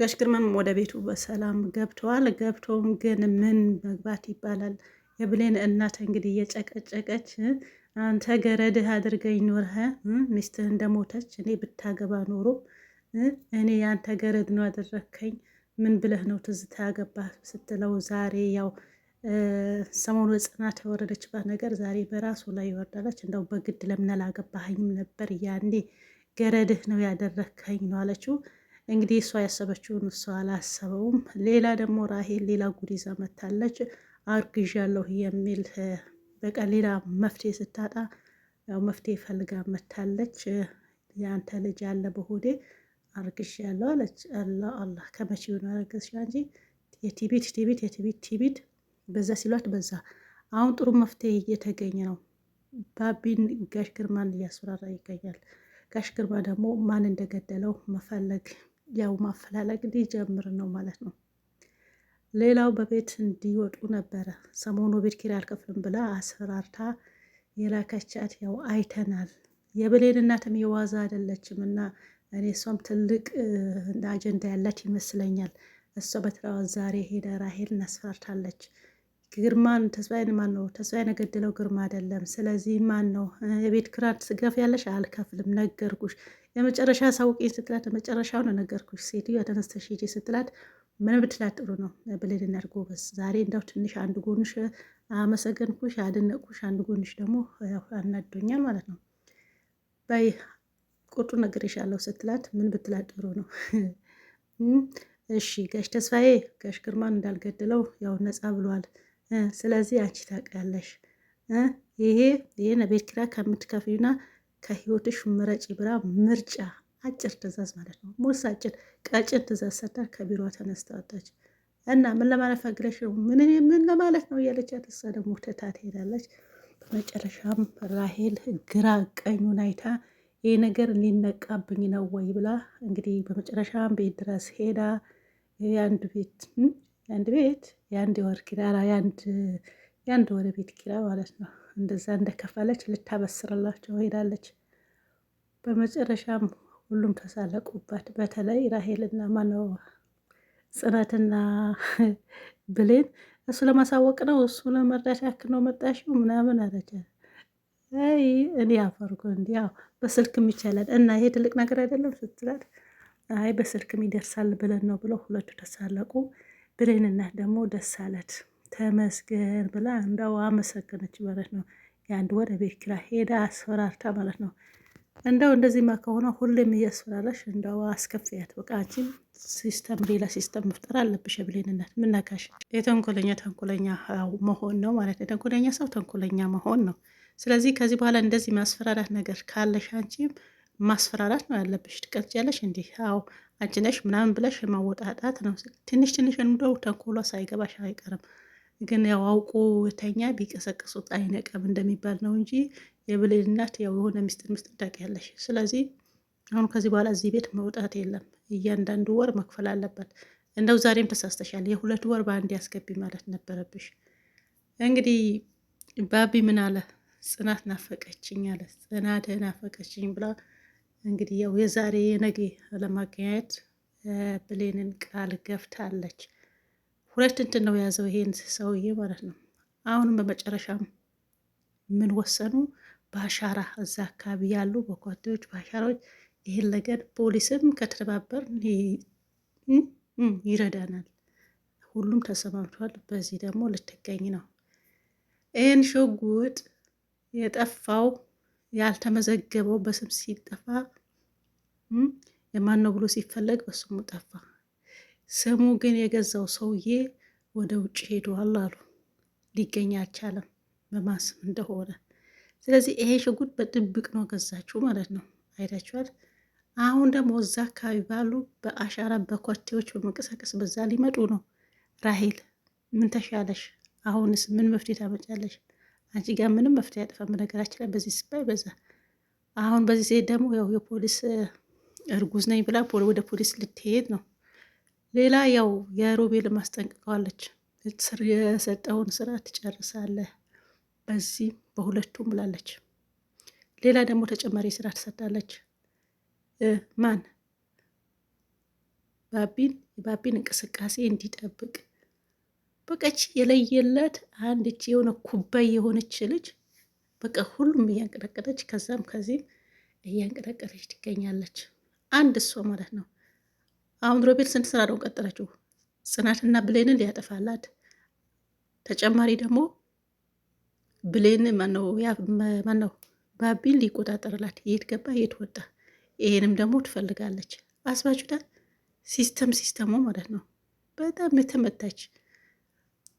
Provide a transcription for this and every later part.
ጋሽ ግርማም ወደ ቤቱ በሰላም ገብተዋል። ገብቶም ግን ምን መግባት ይባላል የብሌን እናት እንግዲህ እየጨቀጨቀች አንተ ገረድህ አድርገኝ ኖርህ ሚስትህ እንደሞተች እኔ ብታገባ ኖሮ እኔ ያንተ ገረድ ነው ያደረግከኝ፣ ምን ብለህ ነው ትዝታ ያገባህ ስትለው ዛሬ ያው ሰሞኑ ጽናት የወረደችባት ነገር ዛሬ በራሱ ላይ ይወርዳለች። እንደው በግድ ለምን አላገባኸኝም ነበር ያኔ ገረድህ ነው ያደረግከኝ ነው አለችው። እንግዲህ እሷ ያሰበችውን እሷ አላሰበውም። ሌላ ደግሞ ራሄል ሌላ ጉድ ይዛ መታለች። አርግዣለሁ የሚል በቃ ሌላ መፍትሄ ስታጣ ያው መፍትሄ ፈልጋ መታለች። የአንተ ልጅ አለ በሆዴ አርግዣለሁ አለች። አላ አላ ከመቼ ሆነ አረገዝሽ እንጂ የቲቢት ቲቢት የቲቢት ቲቢት በዛ ሲሏት በዛ አሁን ጥሩ መፍትሄ እየተገኘ ነው። ባቢን ጋሽ ግርማን እያስፈራራ ይገኛል። ጋሽ ግርማ ደግሞ ማን እንደገደለው መፈለግ ያው ማፈላለግ ሊጀምር ነው ማለት ነው። ሌላው በቤት እንዲወጡ ነበረ ሰሞኑ ቤት ኪራይ አልከፍልም ብላ አስፈራርታ የላከቻት ያው አይተናል። የብሌን እናትም የዋዛ አይደለችም እና እኔ እሷም ትልቅ አጀንዳ ያላት ይመስለኛል። እሷ በትራዋ ዛሬ ሄደ ራሄል እናስፈራርታለች። ግርማን ተስፋዬን ማን ነው ተስፋዬን የገደለው ግርማ አይደለም። ስለዚህ ማን ነው የቤት ክራንት ስገፍ ያለሽ አልከፍልም ነገርኩሽ፣ የመጨረሻ ሳውቂኝ ስትላት መጨረሻውን ነገርኩሽ፣ ሴትዮ ተነስተሽ ሂጂ ስትላት ምን ብትላት ጥሩ ነው ብለን እናድርጎ በስ ዛሬ እንዳው ትንሽ አንድ ጎንሽ አመሰገንኩሽ፣ አደነቅኩሽ፣ አንድ ጎንሽ ደግሞ አናዶኛል ማለት ነው። በይ ቁርጡ ነግሬሻለሁ ስትላት ምን ብትላት ጥሩ ነው። እሺ ጋሽ ተስፋዬ ጋሽ ግርማን እንዳልገደለው ያው ነፃ ብሏል። ስለዚህ አንቺ ታውቂያለሽ። ይሄ ይህን ቤት ኪራይ ከምትከፍዩና ከህይወትሽ ምረጭ ብራ ምርጫ አጭር ትእዛዝ ማለት ነው። ሞስ አጭር ቀጭን ትእዛዝ ሰታ ከቢሮ ተነስተዋታች እና ምን ለማለት ፈግረሽ ምን ምን ለማለት ነው እያለች ተሳ ደግሞ ትታ ትሄዳለች። በመጨረሻም ራሄል ግራ ቀኙን አይታ ይህ ነገር ሊነቃብኝ ነው ወይ ብላ እንግዲህ በመጨረሻም ቤት ድረስ ሄዳ የአንድ ቤት የአንድ ቤት የአንድ ወር ኪራይ የአንድ ወር ቤት ኪራይ ማለት ነው። እንደዛ እንደከፈለች ልታበስርላቸው ሄዳለች። በመጨረሻም ሁሉም ተሳለቁባት። በተለይ ራሄልና ማነው ጽናትና ብሌን እሱ ለማሳወቅ ነው እሱ ለመርዳት ያክል ነው መጣሽው ምናምን አለች። አይ እኔ አፈርኩ እንዲያው በስልክም ይቻላል እና ይሄ ትልቅ ነገር አይደለም ስትላት አይ በስልክም ይደርሳል ብለን ነው ብለው ሁለቱ ተሳለቁ። ብሌን ደግሞ ደስ አለት ተመስገን ብላ እንደው አመሰገነች ማለት ነው። የአንድ ወር ቤት ኪራይ ሄዳ አስፈራርታ ማለት ነው። እንደው እንደዚህማ ከሆነ ሁሌም እያስፈራራሽ እንደው አስከፍያት። በቃ አንቺም ሲስተም ሌላ ሲስተም መፍጠር አለብሽ። የብሌን እናት የተንኮለኛ ተንኮለኛ መሆን ነው ማለት ነው። የተንኮለኛ ሰው ተንኮለኛ መሆን ነው። ስለዚህ ከዚህ በኋላ እንደዚህ ማስፈራራት ነገር ካለሽ አንቺም ማስፈራራት ነው ያለብሽ። ትቀልጃለሽ እንዲህ አዎ አንቺ ምናምን ብለሽ ማወጣጣት ነው። ትንሽ ትንሽ እንደው ተንኮሏ ሳይገባሽ አይቀርም። ግን ያው አውቆ ተኛ ቢቀሰቅሱት አይነቀም እንደሚባል ነው እንጂ የብሌን ያው የሆነ ምስጢር ምስጢር ታውቂያለሽ። ስለዚህ አሁን ከዚህ በኋላ እዚህ ቤት መውጣት የለም። እያንዳንዱ ወር መክፈል አለበት። እንደው ዛሬም ተሳስተሻል። የሁለት ወር በአንድ ያስገቢ ማለት ነበረብሽ። እንግዲህ ባቢ ምን አለ? ጽናት ናፈቀችኝ አለ። ጽናት ናፈቀችኝ ብላ እንግዲህ ያው የዛሬ የነገ ለማገናኘት ብሌንን ቃል ገብታለች። ሁለት እንትን ነው የያዘው ይሄን ሰውዬ ማለት ነው። አሁንም በመጨረሻም ምን ወሰኑ? በአሻራ እዛ አካባቢ ያሉ በኳቴዎች በአሻራዎች ይህን ነገር ፖሊስም ከተተባበር ይረዳናል። ሁሉም ተሰማምቷል። በዚህ ደግሞ ልትገኝ ነው። ይህን ሽጉጥ የጠፋው ያልተመዘገበው በስም ሲጠፋ የማን ነው ብሎ ሲፈለግ በስሙ ጠፋ። ስሙ ግን የገዛው ሰውዬ ወደ ውጭ ሄደዋል አሉ። ሊገኝ አልቻለም በማን ስም እንደሆነ። ስለዚህ ይሄ ሽጉጥ በድብቅ ነው ገዛችሁ ማለት ነው። አይታችኋል። አሁን ደግሞ እዛ አካባቢ ባሉ በአሻራ በኮቴዎች በመንቀሳቀስ በዛ ሊመጡ ነው። ራሄል ምን ተሻለሽ? አሁንስ ምን መፍትሄ ታመጫለሽ? አንቺ ጋር ምንም መፍትሄ አይጠፋም። በነገራችን ላይ በዚህ ስባይ በዛ አሁን በዚህ ሴት ደግሞ ያው የፖሊስ እርጉዝ ነኝ ብላ ወደ ፖሊስ ልትሄድ ነው። ሌላ ያው የሮቤል ማስጠንቅቀዋለች። የሰጠውን ስራ ትጨርሳለህ በዚህ በሁለቱም ብላለች። ሌላ ደግሞ ተጨማሪ ስራ ትሰጣለች። ማን ባቢን የባቢን እንቅስቃሴ እንዲጠብቅ በቀች የለየለት አንድች የሆነ ኩባይ የሆነች ልጅ በቃ ሁሉም እያንቀጠቀጠች ከዛም ከዚህም እያንቀጠቀጠች ትገኛለች። አንድ እሷ ማለት ነው። አሁን ሮቤል ስንት ስራ ነው ጽናትና ብሌንን ሊያጠፋላት ተጨማሪ ደግሞ ብሌን ማነው ባቢን ሊቆጣጠርላት የት ገባ የት ወጣ። ይሄንም ደግሞ ትፈልጋለች። አስባችሁታል? ሲስተም ሲስተሙ ማለት ነው። በጣም የተመታች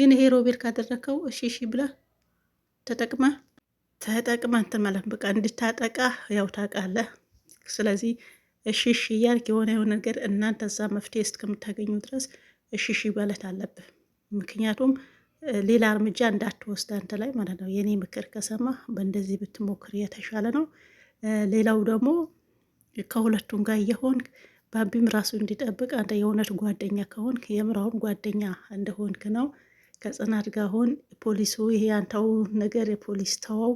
ግን ይሄ ሮቤል ካደረከው እሺ እሺ ብላ ተጠቅመ ተጠቅመ እንትን በቃ እንድታጠቃ ያው ታውቃለህ። ስለዚህ እሺ እሺ እያልክ የሆነ የሆነ ነገር እናንተ እዛ መፍትሄ እስከምታገኙ ድረስ እሺ እሺ ማለት አለብህ። ምክንያቱም ሌላ እርምጃ እንዳትወስድ አንተ ላይ ማለት ነው። የእኔ ምክር ከሰማ በእንደዚህ ብትሞክር የተሻለ ነው። ሌላው ደግሞ ከሁለቱም ጋር የሆንክ ባቢም ራሱ እንዲጠብቅ አንተ የእውነት ጓደኛ ከሆንክ የምራውን ጓደኛ እንደሆንክ ነው ከጽናት ጋር ሆን ፖሊሱ ይሄ አንተው ነገር የፖሊስ ተዋው፣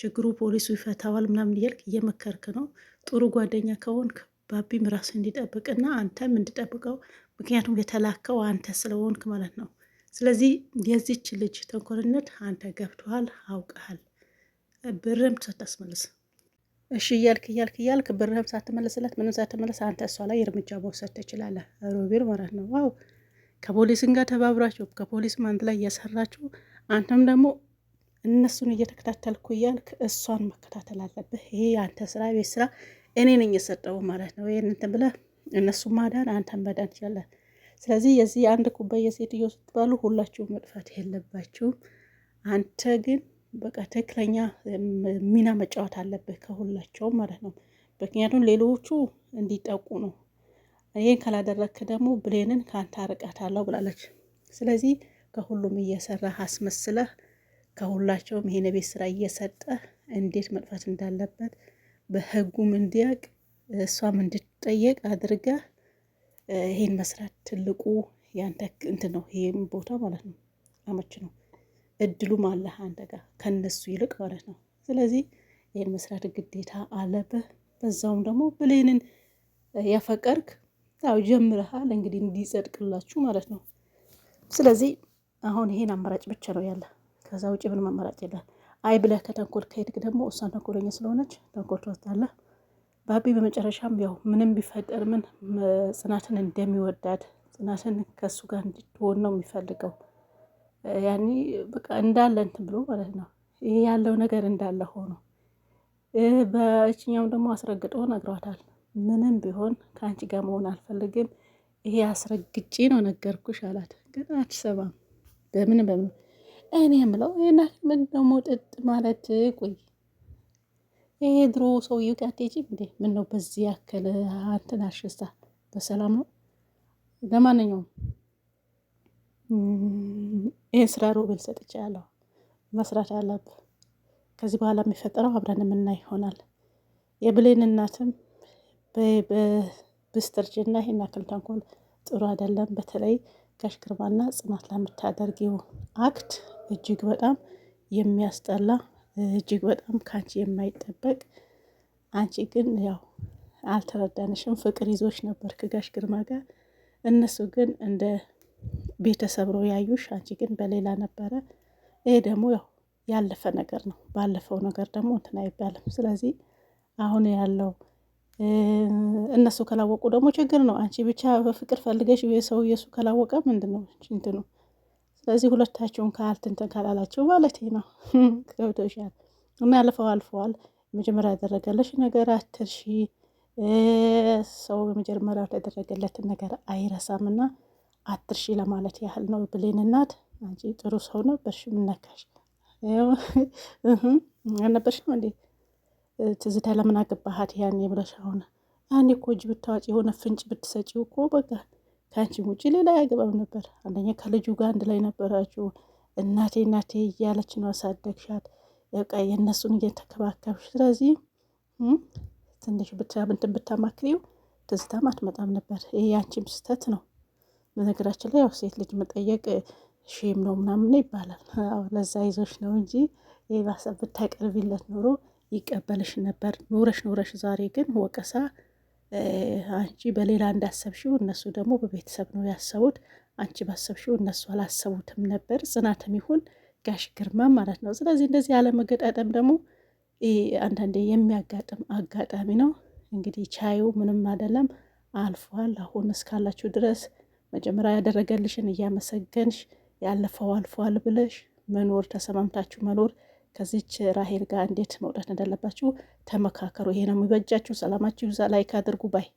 ችግሩ ፖሊሱ ይፈታዋል ምናምን እያልክ እየመከርክ ነው። ጥሩ ጓደኛ ከሆንክ ባቢም ራሱ እንዲጠብቅና አንተም እንዲጠብቀው፣ ምክንያቱም የተላከው አንተ ስለሆንክ ማለት ነው። ስለዚህ የዚች ልጅ ተንኮልነት አንተ ገብተሃል፣ አውቀሃል። ብርም ሳታስመልስ እሺ እያልክ እያልክ እያልክ ብርህም ሳትመልስለት ምንም ሳትመለስ አንተ እሷ ላይ እርምጃ መውሰድ ትችላለህ፣ ሮቤል ማለት ነው። ዋው ከፖሊስን ጋር ተባብራችሁ ከፖሊስ ማንት ላይ እየሰራችሁ አንተም ደግሞ እነሱን እየተከታተልኩ እያልክ እሷን መከታተል አለብህ። ይሄ የአንተ ስራ ቤት ስራ እኔ ነኝ የሰጠው ማለት ነው። ይህን እንትን ብለህ እነሱ ማዳን አንተን መዳን ይችላል። ስለዚህ የዚህ አንድ ኩባያ ሴትዮ ስትባሉ ሁላችሁም መጥፋት የለባችሁም። አንተ ግን በቃ ትክክለኛ ሚና መጫወት አለብህ ከሁላቸውም ማለት ነው። ምክንያቱም ሌሎቹ እንዲጠቁ ነው ይሄን ካላደረግክ ደግሞ ብሌንን ከአንተ አርቃታለሁ ብላለች። ስለዚህ ከሁሉም እየሰራህ አስመስለህ ከሁላቸውም ይሄን ቤት ስራ እየሰጠህ እንዴት መጥፋት እንዳለበት በህጉም እንዲያውቅ እሷም እንድትጠየቅ አድርገህ ይሄን መስራት ትልቁ ያንተ እንትን ነው። ይሄም ቦታ ማለት ነው አመች ነው እድሉም አለህ አንተ ጋር ከነሱ ይልቅ ማለት ነው። ስለዚህ ይህን መስራት ግዴታ አለብህ። በዛውም ደግሞ ብሌንን ያፈቀርክ ያው ጀምረሃል እንግዲህ እንዲጸድቅላችሁ ማለት ነው። ስለዚህ አሁን ይሄን አማራጭ ብቻ ነው ያለ። ከዛ ውጭ ምንም አማራጭ የለ። አይ ብለህ ከተንኮል ከሄድክ ደግሞ እሷን ተንኮለኛ ስለሆነች ተንኮል ትወስዳለህ። ባቢ በመጨረሻም ያው ምንም ቢፈጠር ምን ጽናትን እንደሚወዳድ ጽናትን ከእሱ ጋር እንድትሆን ነው የሚፈልገው። ያኔ በቃ እንዳለ እንትን ብሎ ማለት ነው። ይሄ ያለው ነገር እንዳለ ሆኖ በእችኛውም ደግሞ አስረግጦ ነግሯታል። ምንም ቢሆን ከአንቺ ጋር መሆን አልፈልግም፣ ይሄ አስረግጬ ነው ነገርኩሽ አላት። ግን አትሰማም። በምን በምን እኔ የምለው ይህና ምን ደግሞ ጥጥ ማለት ቆይ ይሄ ድሮ ሰውዬው ጋር አትሄጂም እንዴ? ምን ነው በዚህ ያክል አንተን አሽስታ በሰላም ነው። ለማንኛውም ይህን ስራ ሮቤል ሰጥቼ ያለው መስራት አለብህ። ከዚህ በኋላ የሚፈጠረው አብረን የምናይ ይሆናል። የብሌን እናትም በብስተርጅና ይሄን ያክል ተንኮል ጥሩ አይደለም። በተለይ ጋሽ ግርማና ጽናት ለምታደርጊው አክት እጅግ በጣም የሚያስጠላ እጅግ በጣም ከአንቺ የማይጠበቅ አንቺ ግን ያው አልተረዳንሽም። ፍቅር ይዞሽ ነበር ከጋሽ ግርማ ጋር። እነሱ ግን እንደ ቤተሰብ ነው ያዩሽ፣ አንቺ ግን በሌላ ነበረ። ይሄ ደግሞ ያው ያለፈ ነገር ነው። ባለፈው ነገር ደግሞ እንትን አይባልም። ስለዚህ አሁን ያለው እነሱ ከላወቁ ደግሞ ችግር ነው። አንቺ ብቻ በፍቅር ፈልገሽ የሰው እየሱ ከላወቀ ምንድን ነው እንትን ነው። ስለዚህ ሁለታቸውን ካልትንትን ካላላቸው ማለት ነው ገብቶሻል። እና ያለፈው አልፈዋል። መጀመሪያ ያደረገለሽ ነገር አትርሺ። ሰው በመጀመሪያ ያደረገለትን ነገር አይረሳም እና አትርሺ ለማለት ያህል ነው። ብሌን እናት አንቺ ጥሩ ሰው ነበርሽ። ምነካሽ አልነበርሽም እንዴ? ትዝታ ለምን አገባሃት ያኔ ብለሽ አሁን ኮ እኮ እጅ ብታዋጭ የሆነ ፍንጭ ብትሰጪው እኮ በቃ ከአንቺም ውጭ ሌላ ያገባም ነበር። አንደኛ ከልጁ ጋር አንድ ላይ ነበራችሁ። እናቴ እናቴ እያለች ነው አሳደግሻት፣ በቃ የእነሱን እየተከባከብሽ ስለዚህ ትንሽ ብትን ብታማክሪው ትዝታም አትመጣም ነበር። ይሄ የአንቺም ስህተት ነው። በነገራችን ላይ ያው ሴት ልጅ መጠየቅ ሼም ነው ምናምን ይባላል። ለዛ ይዞች ነው እንጂ ይህ ባሰብ ብታቀርቢለት ኖሮ ይቀበልሽ ነበር ኖረሽ ኖረሽ ዛሬ ግን ወቀሳ አንቺ በሌላ እንዳሰብሽው እነሱ ደግሞ በቤተሰብ ነው ያሰቡት። አንቺ ባሰብሽው እነሱ አላሰቡትም ነበር። ጽናትም ይሁን ጋሽ ግርማ ማለት ነው። ስለዚህ እንደዚህ ያለመገጣጠም ደግሞ አንዳንዴ የሚያጋጥም አጋጣሚ ነው። እንግዲህ ቻዩ ምንም አይደለም፣ አልፏል። አሁን እስካላችሁ ድረስ መጀመሪያ ያደረገልሽን እያመሰገንሽ ያለፈው አልፏል ብለሽ መኖር ተሰማምታችሁ መኖር ከዚች ራሄል ጋር እንዴት መውጣት እንዳለባችሁ ተመካከሩ። ይሄ ነው የሚበጃችሁ። ሰላማችሁ ይብዛ። ላይክ አድርጉ። ባይ